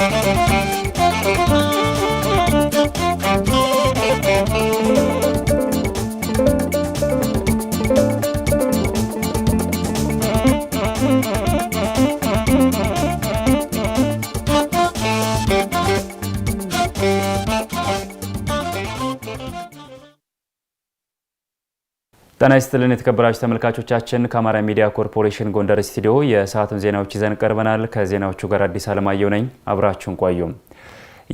Thank you. ጤና ይስጥልን የተከበራችሁ ተመልካቾቻችን፣ ከአማራ ሚዲያ ኮርፖሬሽን ጎንደር ስቱዲዮ የሰዓቱን ዜናዎች ይዘን ቀርበናል። ከዜናዎቹ ጋር አዲስ አለማየሁ ነኝ። አብራችሁን ቆዩ።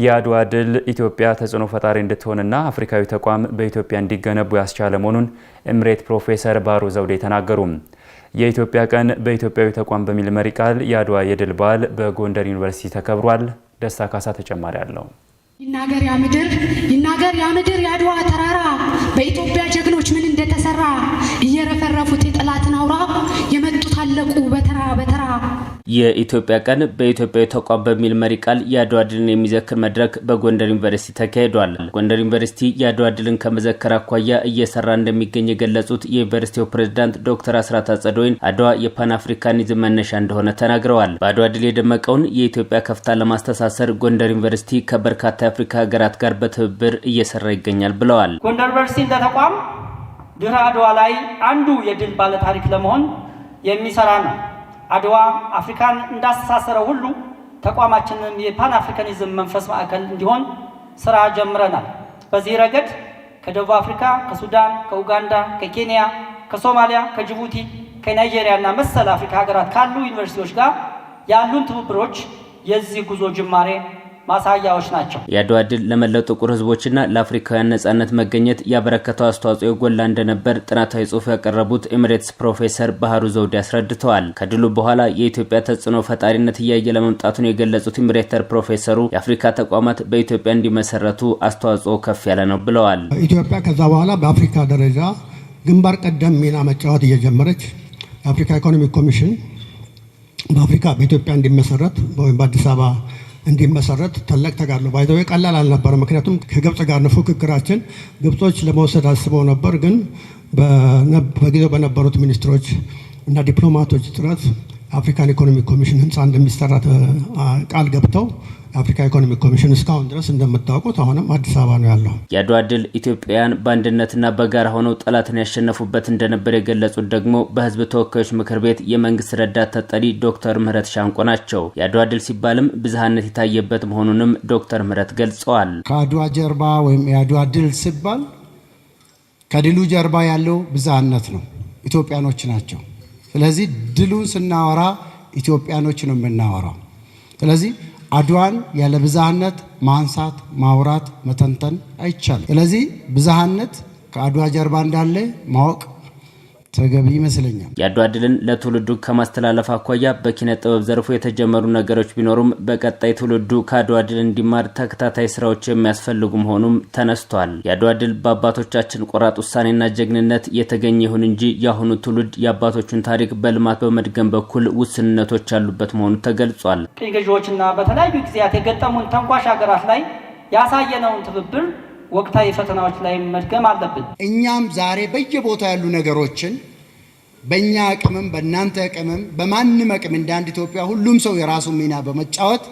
የአድዋ ድል ኢትዮጵያ ተጽዕኖ ፈጣሪ እንድትሆንና አፍሪካዊ ተቋም በኢትዮጵያ እንዲገነቡ ያስቻለ መሆኑን እምሬት ፕሮፌሰር ባህሩ ዘውዴ ተናገሩ። የኢትዮጵያ ቀን በኢትዮጵያዊ ተቋም በሚል መሪ ቃል የአድዋ የድል በዓል በጎንደር ዩኒቨርሲቲ ተከብሯል። ደስታ ካሳ ተጨማሪ አለው። ይናገር ያ ምድር የኢትዮጵያ ቀን በኢትዮጵያዊ ተቋም በሚል መሪ ቃል የአድዋ ድልን የሚዘክር መድረክ በጎንደር ዩኒቨርሲቲ ተካሂዷል። ጎንደር ዩኒቨርሲቲ የአድዋ ድልን ከመዘከር አኳያ እየሰራ እንደሚገኝ የገለጹት የዩኒቨርሲቲው ፕሬዝዳንት ዶክተር አስራት አጸደወይን አድዋ የፓን አፍሪካኒዝም መነሻ እንደሆነ ተናግረዋል። በአድዋ ድል የደመቀውን የኢትዮጵያ ከፍታ ለማስተሳሰር ጎንደር ዩኒቨርሲቲ ከበርካታ የአፍሪካ ሀገራት ጋር በትብብር እየሰራ ይገኛል ብለዋል። ጎንደር ዩኒቨርሲቲ እንደ ተቋም ድህረ አድዋ ላይ አንዱ የድል ባለታሪክ ለመሆን የሚሰራ ነው። አድዋ አፍሪካን እንዳስተሳሰረው ሁሉ ተቋማችንም የፓን አፍሪካኒዝም መንፈስ ማዕከል እንዲሆን ስራ ጀምረናል። በዚህ ረገድ ከደቡብ አፍሪካ፣ ከሱዳን፣ ከኡጋንዳ፣ ከኬንያ፣ ከሶማሊያ፣ ከጅቡቲ፣ ከናይጄሪያ እና መሰል አፍሪካ ሀገራት ካሉ ዩኒቨርሲቲዎች ጋር ያሉን ትብብሮች የዚህ ጉዞ ጅማሬ ማሳያዎች ናቸው። የአድዋ ድል ለመላው ጥቁር ህዝቦችና ለአፍሪካውያን ነጻነት መገኘት ያበረከተው አስተዋጽኦ የጎላ እንደነበር ጥናታዊ ጽሑፍ ያቀረቡት ኤምሬትስ ፕሮፌሰር ባህሩ ዘውዴ አስረድተዋል። ከድሉ በኋላ የኢትዮጵያ ተጽዕኖ ፈጣሪነት እያየ ለመምጣቱን የገለጹት ኢምሬተር ፕሮፌሰሩ የአፍሪካ ተቋማት በኢትዮጵያ እንዲመሰረቱ አስተዋጽኦ ከፍ ያለ ነው ብለዋል። ኢትዮጵያ ከዛ በኋላ በአፍሪካ ደረጃ ግንባር ቀደም ሚና መጫወት እየጀመረች የአፍሪካ ኢኮኖሚክ ኮሚሽን በአፍሪካ በኢትዮጵያ እንዲመሰረት ወይም በአዲስ አበባ እንዲመሰረት ትልቅ ተጋድሎ ባይዘዌ ቀላል አልነበረ። ምክንያቱም ከግብጽ ጋር ነው ፉክክራችን። ግብጾች ለመውሰድ አስበው ነበር፣ ግን በጊዜው በነበሩት ሚኒስትሮች እና ዲፕሎማቶች ጥረት አፍሪካን ኢኮኖሚክ ኮሚሽን ህንፃ እንደሚሰራ ቃል ገብተው የአፍሪካ ኢኮኖሚክ ኮሚሽን እስካሁን ድረስ እንደምታውቁት አሁንም አዲስ አበባ ነው ያለው። የአድዋ ድል ኢትዮጵያውያን በአንድነትና በጋራ ሆነው ጠላትን ያሸነፉበት እንደነበር የገለጹት ደግሞ በህዝብ ተወካዮች ምክር ቤት የመንግስት ረዳት ተጠሪ ዶክተር ምህረት ሻንቆ ናቸው። የአድዋ ድል ሲባልም ብዝሃነት የታየበት መሆኑንም ዶክተር ምህረት ገልጸዋል። ከአድዋ ጀርባ ወይም የአድዋ ድል ሲባል ከድሉ ጀርባ ያለው ብዝሃነት ነው፣ ኢትዮጵያኖች ናቸው። ስለዚህ ድሉን ስናወራ ኢትዮጵያኖች ነው የምናወራው። ስለዚህ አድዋን ያለ ብዝሃነት ማንሳት፣ ማውራት፣ መተንተን አይቻልም። ስለዚህ ብዝሃነት ከአድዋ ጀርባ እንዳለ ማወቅ ተገቢ ይመስለኛል። የአድዋ ድልን ለትውልዱ ከማስተላለፍ አኳያ በኪነ ጥበብ ዘርፉ የተጀመሩ ነገሮች ቢኖሩም በቀጣይ ትውልዱ ከአድዋ ድል እንዲማር ተከታታይ ስራዎች የሚያስፈልጉ መሆኑም ተነስቷል። የአድዋ ድል በአባቶቻችን ቆራጥ ውሳኔና ጀግንነት የተገኘ ይሁን እንጂ የአሁኑ ትውልድ የአባቶቹን ታሪክ በልማት በመድገም በኩል ውስንነቶች ያሉበት መሆኑ ተገልጿል። ገዢዎችና በተለያዩ ጊዜያት የገጠሙን ተንኳሽ ሀገራት ላይ ያሳየነውን ትብብር ወቅታዊ ፈተናዎች ላይ መድገም አለብን። እኛም ዛሬ በየቦታው ያሉ ነገሮችን በእኛ አቅምም በእናንተ አቅምም በማንም አቅም እንደ አንድ ኢትዮጵያ ሁሉም ሰው የራሱን ሚና በመጫወት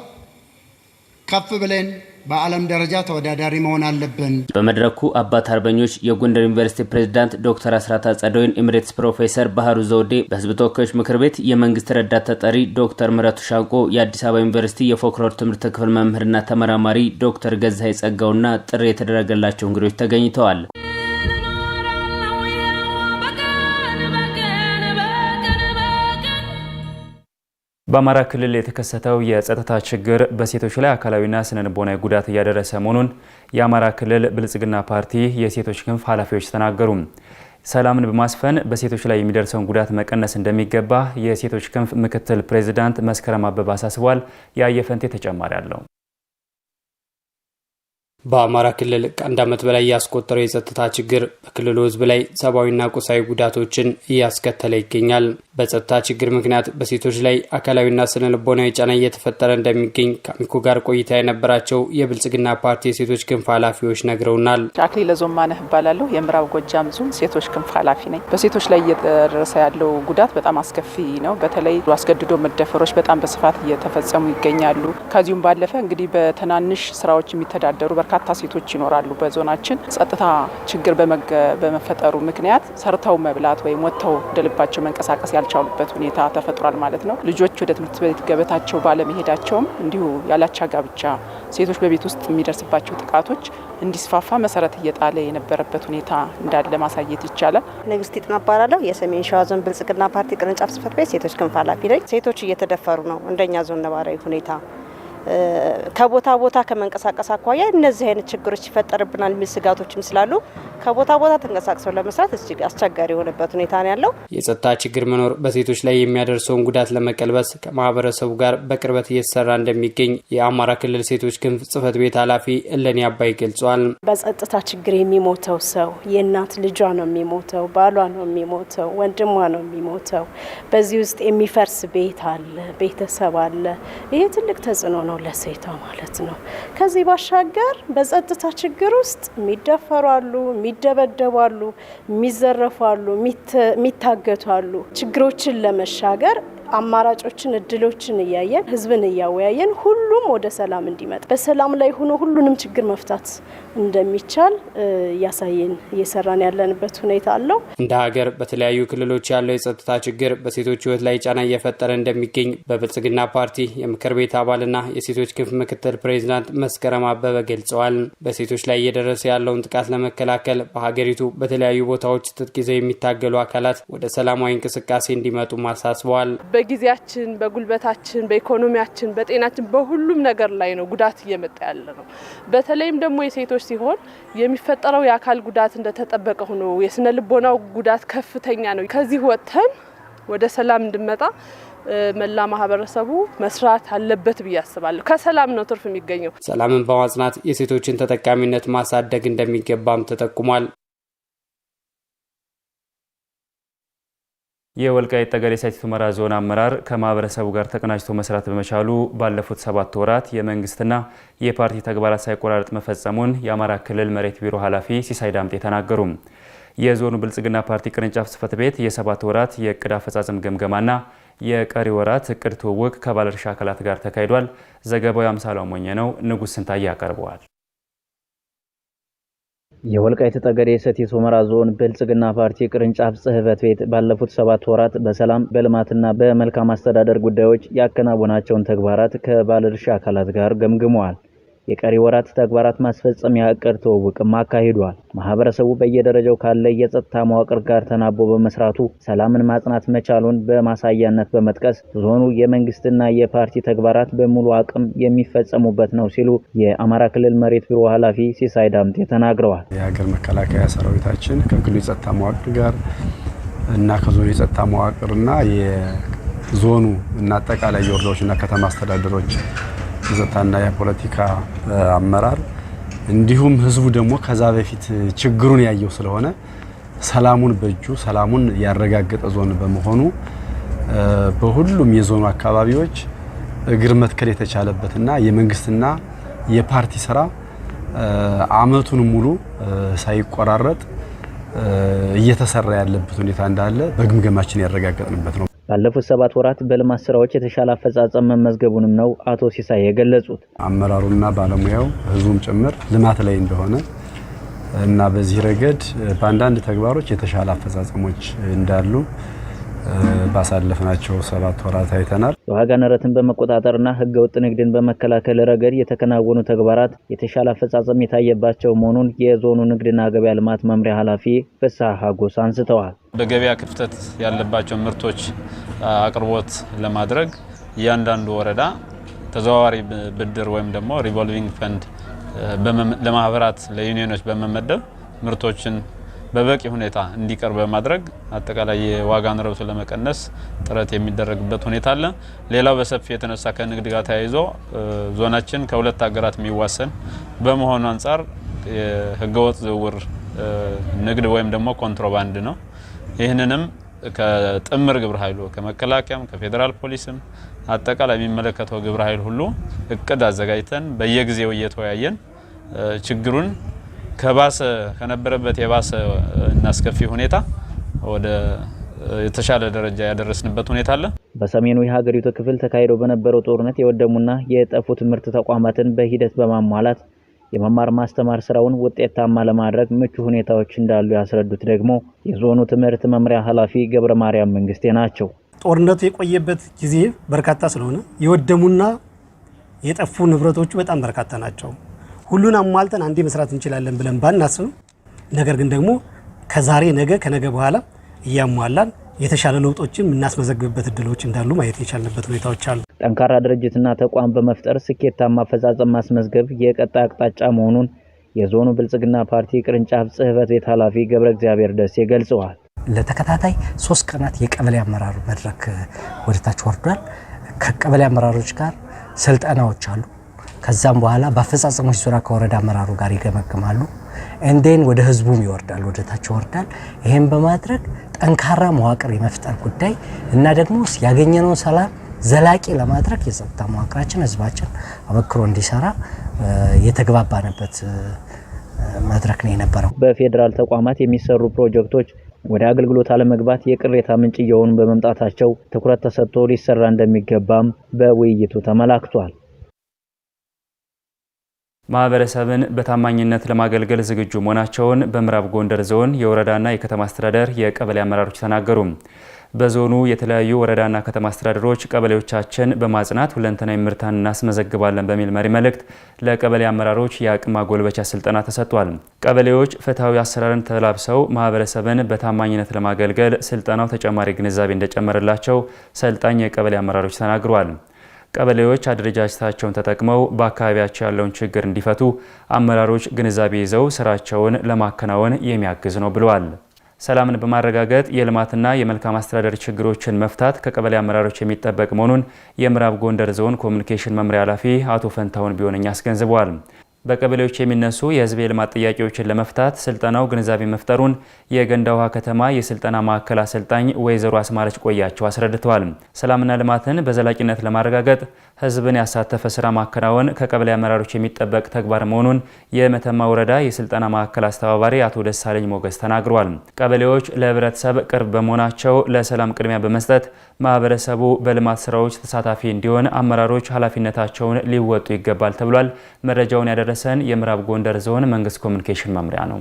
ከፍ ብለን በዓለም ደረጃ ተወዳዳሪ መሆን አለብን። በመድረኩ አባት አርበኞች የጎንደር ዩኒቨርሲቲ ፕሬዚዳንት ዶክተር አስራት አጸደወይን፣ ኤምሬትስ ፕሮፌሰር ባህሩ ዘውዴ፣ በህዝብ ተወካዮች ምክር ቤት የመንግስት ረዳት ተጠሪ ዶክተር ምረቱ ሻንቆ፣ የአዲስ አበባ ዩኒቨርሲቲ የፎክሎር ትምህርት ክፍል መምህርና ተመራማሪ ዶክተር ገዛ የጸጋውና ጥሪ የተደረገላቸው እንግዶች ተገኝተዋል። በአማራ ክልል የተከሰተው የጸጥታ ችግር በሴቶች ላይ አካላዊና ስነንቦና ጉዳት እያደረሰ መሆኑን የአማራ ክልል ብልጽግና ፓርቲ የሴቶች ክንፍ ኃላፊዎች ተናገሩ። ሰላምን በማስፈን በሴቶች ላይ የሚደርሰውን ጉዳት መቀነስ እንደሚገባ የሴቶች ክንፍ ምክትል ፕሬዚዳንት መስከረም አበበ አሳስቧል። የአየፈንቴ ተጨማሪ አለው። በአማራ ክልል ከአንድ ዓመት በላይ ያስቆጠረው የጸጥታ ችግር በክልሉ ሕዝብ ላይ ሰብአዊና ቁሳዊ ጉዳቶችን እያስከተለ ይገኛል። በጸጥታ ችግር ምክንያት በሴቶች ላይ አካላዊና ስነ ልቦናዊ ጫና እየተፈጠረ እንደሚገኝ ከአሚኮ ጋር ቆይታ የነበራቸው የብልጽግና ፓርቲ የሴቶች ክንፍ ኃላፊዎች ነግረውናል። አክሊለ ዞማነህ እባላለሁ። የምዕራብ ጎጃም ዞን ሴቶች ክንፍ ኃላፊ ነኝ። በሴቶች ላይ እየደረሰ ያለው ጉዳት በጣም አስከፊ ነው። በተለይ አስገድዶ መደፈሮች በጣም በስፋት እየተፈጸሙ ይገኛሉ። ከዚሁም ባለፈ እንግዲህ በትናንሽ ስራዎች የሚተዳደሩ በርካታ ሴቶች ይኖራሉ በዞናችን። ጸጥታ ችግር በመፈጠሩ ምክንያት ሰርተው መብላት ወይም ወጥተው እንደልባቸው መንቀሳቀስ ያልቻሉበት ሁኔታ ተፈጥሯል ማለት ነው። ልጆች ወደ ትምህርት ቤት ገበታቸው ባለመሄዳቸውም እንዲሁ ያላቻ ጋብቻ፣ ሴቶች በቤት ውስጥ የሚደርስባቸው ጥቃቶች እንዲስፋፋ መሰረት እየጣለ የነበረበት ሁኔታ እንዳለ ማሳየት ይቻላል። ንግስት ጥና እባላለሁ። የሰሜን ሸዋ ዞን ብልጽግና ፓርቲ ቅርንጫፍ ጽህፈት ቤት ሴቶች ክንፍ ኃላፊ ነኝ። ሴቶች እየተደፈሩ ነው እንደኛ ዞን ነባራዊ ሁኔታ ከቦታ ቦታ ከመንቀሳቀስ አኳያ እነዚህ አይነት ችግሮች ይፈጠርብናል የሚል ስጋቶችም ስላሉ ከቦታ ቦታ ተንቀሳቅሰው ለመስራት እጅግ አስቸጋሪ የሆነበት ሁኔታ ነው ያለው። የጸጥታ ችግር መኖር በሴቶች ላይ የሚያደርሰውን ጉዳት ለመቀልበስ ከማህበረሰቡ ጋር በቅርበት እየተሰራ እንደሚገኝ የአማራ ክልል ሴቶች ክንፍ ጽህፈት ቤት ኃላፊ እለኔ አባይ ገልጿል። በጸጥታ ችግር የሚሞተው ሰው የእናት ልጇ ነው የሚሞተው፣ ባሏ ነው የሚሞተው፣ ወንድሟ ነው የሚሞተው። በዚህ ውስጥ የሚፈርስ ቤት አለ፣ ቤተሰብ አለ። ይሄ ትልቅ ተጽዕኖ ነው ነው ለሴቷ ማለት ነው። ከዚህ ባሻገር በጸጥታ ችግር ውስጥ የሚደፈሯሉ፣ የሚደበደቧሉ፣ የሚዘረፏሉ፣ የሚታገቷሉ ችግሮችን ለመሻገር አማራጮችን፣ እድሎችን እያየን ህዝብን እያወያየን ሁሉም ወደ ሰላም እንዲመጣ በሰላም ላይ ሆኖ ሁሉንም ችግር መፍታት እንደሚቻል እያሳየን እየሰራን ያለንበት ሁኔታ አለው። እንደ ሀገር በተለያዩ ክልሎች ያለው የጸጥታ ችግር በሴቶች ህይወት ላይ ጫና እየፈጠረ እንደሚገኝ በብልጽግና ፓርቲ የምክር ቤት አባልና የሴቶች ክንፍ ምክትል ፕሬዚዳንት መስከረም አበበ ገልጸዋል። በሴቶች ላይ እየደረሰ ያለውን ጥቃት ለመከላከል በሀገሪቱ በተለያዩ ቦታዎች ትጥቅ ይዘው የሚታገሉ አካላት ወደ ሰላማዊ እንቅስቃሴ እንዲመጡ አሳስበዋል። በጊዜያችን፣ በጉልበታችን፣ በኢኮኖሚያችን፣ በጤናችን በሁሉም ነገር ላይ ነው ጉዳት እየመጣ ያለ ነው። በተለይም ደግሞ የሴቶች ሲሆን የሚፈጠረው የአካል ጉዳት እንደተጠበቀ ሆኖ የስነ ልቦናው ጉዳት ከፍተኛ ነው። ከዚህ ወጥተን ወደ ሰላም እንድመጣ መላ ማህበረሰቡ መስራት አለበት ብዬ አስባለሁ። ከሰላም ነው ትርፍ የሚገኘው። ሰላምን በማጽናት የሴቶችን ተጠቃሚነት ማሳደግ እንደሚገባም ተጠቁሟል። የወልቃይት ጠገዴ ሰቲት ሁመራ ዞን አመራር ከማህበረሰቡ ጋር ተቀናጅቶ መስራት በመቻሉ ባለፉት ሰባት ወራት የመንግስትና የፓርቲ ተግባራት ሳይቆራረጥ መፈጸሙን የአማራ ክልል መሬት ቢሮ ኃላፊ ሲሳይ ዳምጤ ተናገሩ። የዞኑ ብልጽግና ፓርቲ ቅርንጫፍ ጽህፈት ቤት የሰባት ወራት የእቅድ አፈጻጸም ግምገማና የቀሪ ወራት እቅድ ትውውቅ ከባለድርሻ አካላት ጋር ተካሂዷል። ዘገባው የአምሳላው ሞኘ ነው። ንጉሥ ስንታየ ያቀርበዋል። የወልቃይት ጠገዴ ሰቲት ሁመራ ዞን ብልጽግና ፓርቲ ቅርንጫፍ ጽህፈት ቤት ባለፉት ሰባት ወራት በሰላም በልማትና በመልካም አስተዳደር ጉዳዮች ያከናወናቸውን ተግባራት ከባለድርሻ አካላት ጋር ገምግመዋል። የቀሪ ወራት ተግባራት ማስፈጸሚያ እቅድ ትውውቅም አካሂዷል። ማህበረሰቡ በየደረጃው ካለ የጸጥታ መዋቅር ጋር ተናቦ በመስራቱ ሰላምን ማጽናት መቻሉን በማሳያነት በመጥቀስ ዞኑ የመንግስትና የፓርቲ ተግባራት በሙሉ አቅም የሚፈጸሙበት ነው ሲሉ የአማራ ክልል መሬት ቢሮ ኃላፊ ሲሳይ ዳምጤ ተናግረዋል። የሀገር መከላከያ ሰራዊታችን ከክልሉ የጸጥታ መዋቅር ጋር እና ከዞኑ የጸጥታ መዋቅርና የዞኑ እና አጠቃላይ የወረዳዎችና ከተማ አስተዳደሮች የጸጥታና የፖለቲካ አመራር እንዲሁም ህዝቡ ደግሞ ከዛ በፊት ችግሩን ያየው ስለሆነ ሰላሙን በእጁ ሰላሙን ያረጋገጠ ዞን በመሆኑ በሁሉም የዞኑ አካባቢዎች እግር መትከል የተቻለበትና የመንግስትና የፓርቲ ስራ አመቱን ሙሉ ሳይቆራረጥ እየተሰራ ያለበት ሁኔታ እንዳለ በግምገማችን ያረጋገጥንበት ነው። ባለፉት ሰባት ወራት በልማት ስራዎች የተሻለ አፈጻጸም መመዝገቡንም ነው አቶ ሲሳይ የገለጹት። አመራሩና ባለሙያው ህዝቡም ጭምር ልማት ላይ እንደሆነ እና በዚህ ረገድ በአንዳንድ ተግባሮች የተሻለ አፈጻጸሞች እንዳሉ ባሳለፍናቸው ሰባት ወራት አይተናል። የዋጋ ንረትን በመቆጣጠርና ህገወጥ ንግድን በመከላከል ረገድ የተከናወኑ ተግባራት የተሻለ አፈጻጸም የታየባቸው መሆኑን የዞኑ ንግድና ገበያ ልማት መምሪያ ኃላፊ ፍስሐ ሀጎስ አንስተዋል። በገበያ ክፍተት ያለባቸው ምርቶች አቅርቦት ለማድረግ እያንዳንዱ ወረዳ ተዘዋዋሪ ብድር ወይም ደግሞ ሪቮልቪንግ ፈንድ ለማህበራት ለዩኒዮኖች በመመደብ ምርቶችን በበቂ ሁኔታ እንዲቀርብ በማድረግ አጠቃላይ የዋጋ ንረቱን ለመቀነስ ጥረት የሚደረግበት ሁኔታ አለ። ሌላው በሰፊ የተነሳ ከንግድ ጋር ተያይዞ ዞናችን ከሁለት ሀገራት የሚዋሰን በመሆኑ አንጻር የህገወጥ ዝውውር ንግድ ወይም ደግሞ ኮንትሮባንድ ነው። ይህንንም ከጥምር ግብረ ኃይሉ ከመከላከያም ከፌዴራል ፖሊስም አጠቃላይ የሚመለከተው ግብረ ኃይል ሁሉ እቅድ አዘጋጅተን በየጊዜው እየተወያየን ችግሩን ከባሰ ከነበረበት የባሰ እና አስከፊ ሁኔታ ወደ የተሻለ ደረጃ ያደረስንበት ሁኔታ አለ። በሰሜኑ የሀገሪቱ ክፍል ተካሂዶ በነበረው ጦርነት የወደሙና የጠፉ ትምህርት ተቋማትን በሂደት በማሟላት የመማር ማስተማር ስራውን ውጤታማ ለማድረግ ምቹ ሁኔታዎች እንዳሉ ያስረዱት ደግሞ የዞኑ ትምህርት መምሪያ ኃላፊ ገብረ ማርያም መንግስቴ ናቸው። ጦርነቱ የቆየበት ጊዜ በርካታ ስለሆነ የወደሙና የጠፉ ንብረቶቹ በጣም በርካታ ናቸው። ሁሉን አሟልተን አንዴ መስራት እንችላለን ብለን ባናስብም፣ ነገር ግን ደግሞ ከዛሬ ነገ ከነገ በኋላ እያሟላን የተሻለ ለውጦችን የምናስመዘግብበት እድሎች እንዳሉ ማየት የቻልንበት ሁኔታዎች አሉ። ጠንካራ ድርጅትና ተቋም በመፍጠር ስኬታማ አፈጻጸም ማስመዝገብ የቀጣይ አቅጣጫ መሆኑን የዞኑ ብልጽግና ፓርቲ ቅርንጫፍ ጽህፈት ቤት ኃላፊ ገብረ እግዚአብሔር ደሴ ገልጸዋል። ለተከታታይ ሶስት ቀናት የቀበሌ አመራር መድረክ ወደታች ወርዷል። ከቀበሌ አመራሮች ጋር ስልጠናዎች አሉ። ከዛም በኋላ በአፈጻጸሞች ዙሪያ ከወረዳ አመራሩ ጋር ይገመግማሉ። እንዴን ወደ ህዝቡም ይወርዳል፣ ታች ይወርዳል። ይህም በማድረግ ጠንካራ መዋቅር የመፍጠር ጉዳይ እና ደግሞ ያገኘነውን ሰላም ዘላቂ ለማድረግ የጸጥታ መዋቅራችን ህዝባችን አበክሮ እንዲሰራ የተግባባንበት መድረክ ነው የነበረው። በፌዴራል ተቋማት የሚሰሩ ፕሮጀክቶች ወደ አገልግሎት አለመግባት የቅሬታ ምንጭ እየሆኑ በመምጣታቸው ትኩረት ተሰጥቶ ሊሰራ እንደሚገባም በውይይቱ ተመላክቷል። ማህበረሰብን በታማኝነት ለማገልገል ዝግጁ መሆናቸውን በምዕራብ ጎንደር ዞን የወረዳና የከተማ አስተዳደር የቀበሌ አመራሮች ተናገሩ። በዞኑ የተለያዩ ወረዳና ከተማ አስተዳደሮች ቀበሌዎቻችን በማጽናት ሁለንተናዊ ምርታን እናስመዘግባለን በሚል መሪ መልእክት ለቀበሌ አመራሮች የአቅም ማጎልበቻ ስልጠና ተሰጥቷል። ቀበሌዎች ፍትሐዊ አሰራርን ተላብሰው ማህበረሰብን በታማኝነት ለማገልገል ስልጠናው ተጨማሪ ግንዛቤ እንደጨመረላቸው ሰልጣኝ የቀበሌ አመራሮች ተናግረዋል። ቀበሌዎች አደረጃጀታቸውን ተጠቅመው በአካባቢያቸው ያለውን ችግር እንዲፈቱ አመራሮች ግንዛቤ ይዘው ስራቸውን ለማከናወን የሚያግዝ ነው ብለዋል። ሰላምን በማረጋገጥ የልማትና የመልካም አስተዳደር ችግሮችን መፍታት ከቀበሌ አመራሮች የሚጠበቅ መሆኑን የምዕራብ ጎንደር ዞን ኮሚኒኬሽን መምሪያ ኃላፊ አቶ ፈንታሁን ቢሆነኝ አስገንዝበዋል። በቀበሌዎች የሚነሱ የህዝብ የልማት ጥያቄዎችን ለመፍታት ስልጠናው ግንዛቤ መፍጠሩን የገንዳ ውሃ ከተማ የስልጠና ማዕከል አሰልጣኝ ወይዘሮ አስማረች ቆያቸው አስረድተዋል። ሰላምና ልማትን በዘላቂነት ለማረጋገጥ ህዝብን ያሳተፈ ስራ ማከናወን ከቀበሌ አመራሮች የሚጠበቅ ተግባር መሆኑን የመተማ ወረዳ የስልጠና ማዕከል አስተባባሪ አቶ ደሳለኝ ሞገስ ተናግረዋል። ቀበሌዎች ለህብረተሰብ ቅርብ በመሆናቸው ለሰላም ቅድሚያ በመስጠት ማህበረሰቡ በልማት ስራዎች ተሳታፊ እንዲሆን አመራሮች ኃላፊነታቸውን ሊወጡ ይገባል ተብሏል። መረጃውን ያደረሰን የምዕራብ ጎንደር ዞን መንግስት ኮሚኒኬሽን መምሪያ ነው።